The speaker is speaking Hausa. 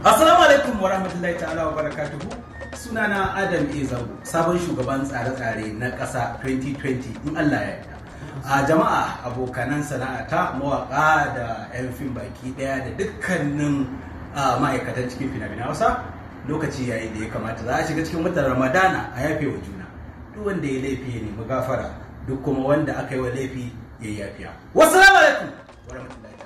Assalamu alaikum wa rahmatullahi ta'ala wa barakatuhu. Sunana Adam Ezago, sabon shugaban tsare-tsare na ƙasa 2020 in Allah ya A jama'a abokanan sana'ata mawaƙa da 'yan fim baki ɗaya da dukkanin ma'aikatan cikin fina fina Hausa lokaci yayi da ya kamata za a shiga cikin watan Ramadana a yafe wa juna. Duk wanda ya laifi ya nemi gafara duk kuma wanda aka yi wa laifi ya yafiya. Wassalamu alaikum wa rahmatullahi